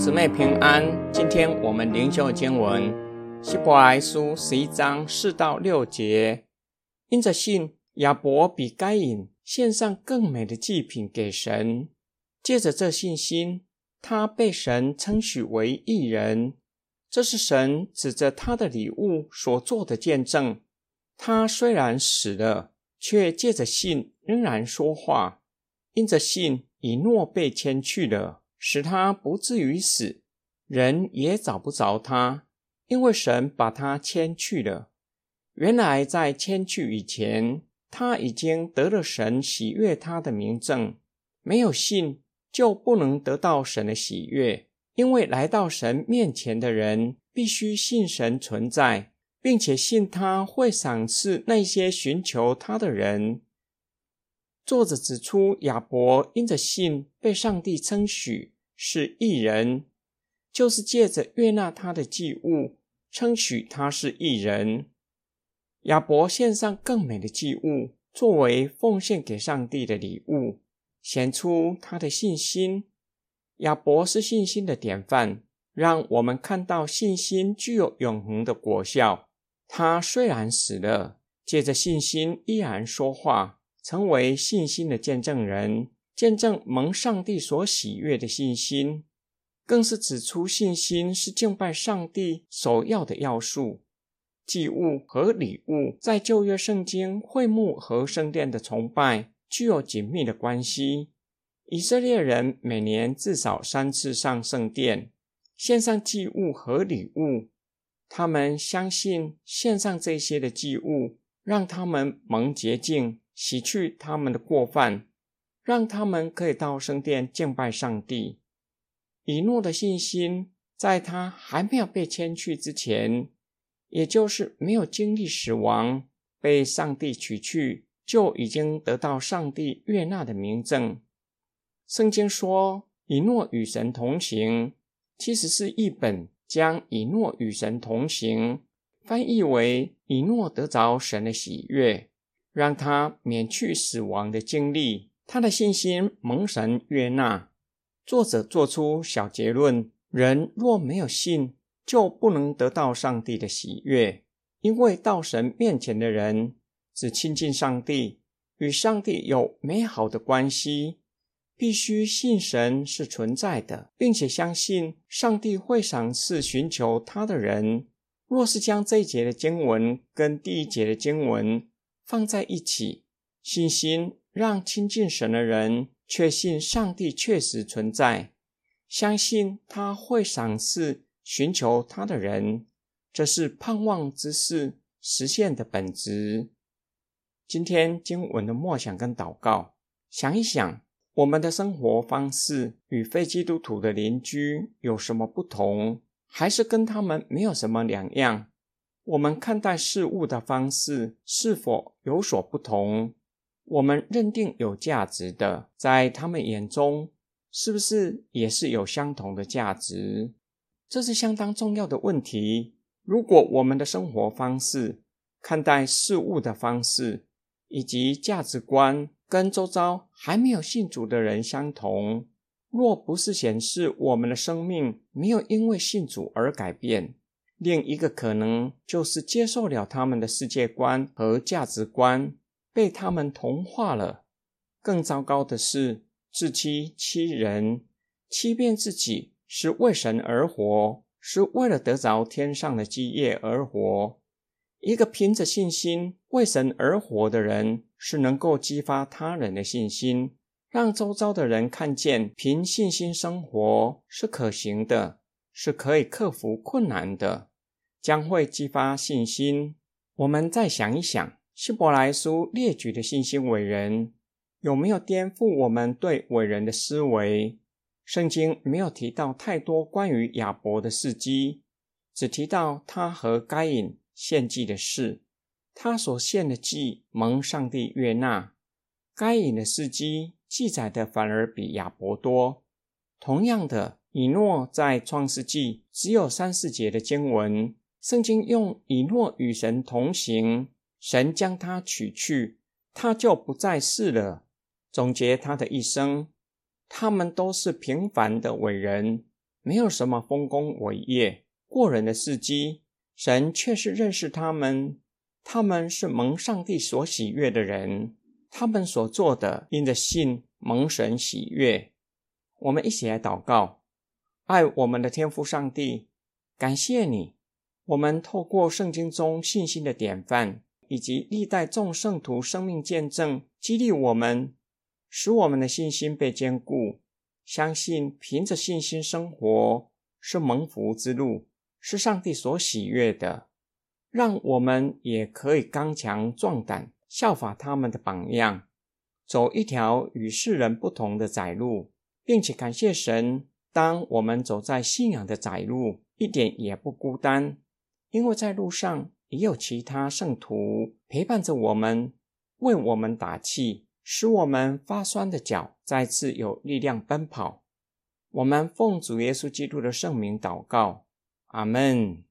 姊妹平安，今天我們靈修經文希伯來書十一章四到六節。因着信，亞伯比該隱獻上更美的祭品給神；借着這信心，他被神稱許為義人。這是神指着他的禮物所做的見證。他雖然死了，卻借着信仍然說話。因着信，以諾被遷去了。使他不至於死，人也找不着他，因為神把他遷去了。原來在遷去以前，他已經得了神喜悅他的明證。沒有信，就不能得到神的喜悅，因為來到神面前的人，必須信神存在，並且信他會賞賜那些尋求他的人。作者指出，亞伯因着信被上帝稱許是義人，就是借着悅納他的祭物，稱許他是義人。亞伯獻上更美的祭物，作為奉獻給上帝的禮物，顯出他的信心。亞伯是信心的典範，讓我們看到信心具有永恆的果效。他雖然死了，借着信心依然說話。成為信心的見證人，見證蒙上帝所喜悅的信心，更是指出信心是敬拜上帝首要的要素。祭物和禮物在舊約聖經會幕和聖殿的崇拜具有緊密的關係。以色列人每年至少三次上聖殿，獻上祭物和禮物。他們相信獻上這些的祭物，讓他們蒙潔淨，洗去他們的過犯，讓他們可以到聖殿敬拜上帝。以諾的信心，在他還沒有被遷去之前，也就是沒有經歷死亡，被上帝取去，就已經得到上帝悅納的明證。聖經說，以諾與神同行，其實是一本將以諾與神同行翻譯為以諾得着神的喜悅。讓他免去死亡的經歷，他的信心蒙神悅納。作者做出小結論：人若沒有信，就不能得到上帝的喜悅，因為到神面前的人只親近上帝，與上帝有美好的關係，必須信神是存在的，並且相信上帝會賞賜尋求他的人。若是將這一節的經文跟第一節的經文，放在一起，信心讓親近神的人確信上帝確實存在，相信他會賞賜尋求他的人，這是盼望之事實現的本質。今天經文的默想跟禱告，想一想我們的生活方式與非基督徒的鄰居有什麼不同，還是跟他們沒有什麼兩樣？我們看待事物的方式是否有所不同？我們認定有價值的，在他們眼中是不是也是有相同的價值？這是相當重要的問題。如果我們的生活方式、看待事物的方式以及價值觀跟周遭還沒有信主的人相同，若不是顯示我們的生命沒有因為信主而改變。另一個可能就是接受了他們的世界觀和價值觀，被他們同化了。更糟糕的是，自欺欺人、欺騙自己，是為神而活，是為了得着天上的基業而活。一個憑着信心為神而活的人，是能夠激發他人的信心，讓周遭的人看見憑信心生活是可行的，是可以克服困難的。將會激發信心。我們再想一想，希伯來書列舉的信心偉人，有沒有顛覆我們對偉人的思維？聖經沒有提到太多關於亞伯的事蹟，只提到他和該隱獻祭的事。他所獻的祭蒙上帝悅納。該隱的事蹟記載的反而比亞伯多。同樣的，以諾在創世記只有三四節的經文。聖經用以諾與神同行，神將他取去，他就不在世了，總結他的一生。他們都是平凡的偉人，沒有什麼豐功偉業、過人的事蹟，神卻是認識他們，他們是蒙上帝所喜悅的人，他們所做的因着信蒙神喜悅。我們一起來禱告，愛我們的天父上帝，感謝你。我們透過聖經中信心的典範，以及歷代眾聖徒生命見證，激勵我們，使我們的信心被堅固。相信憑着信心生活是蒙福之路，是上帝所喜悅的。讓我們也可以剛強壯膽，效法他們的榜樣，走一條與世人不同的窄路，並且感謝神。當我們走在信仰的窄路，一點也不孤單。因為在路上也有其他聖徒陪伴着我們，為我們打氣，使我們發酸的腳再次有力量奔跑。我們奉主耶穌基督的聖名禱告，阿門。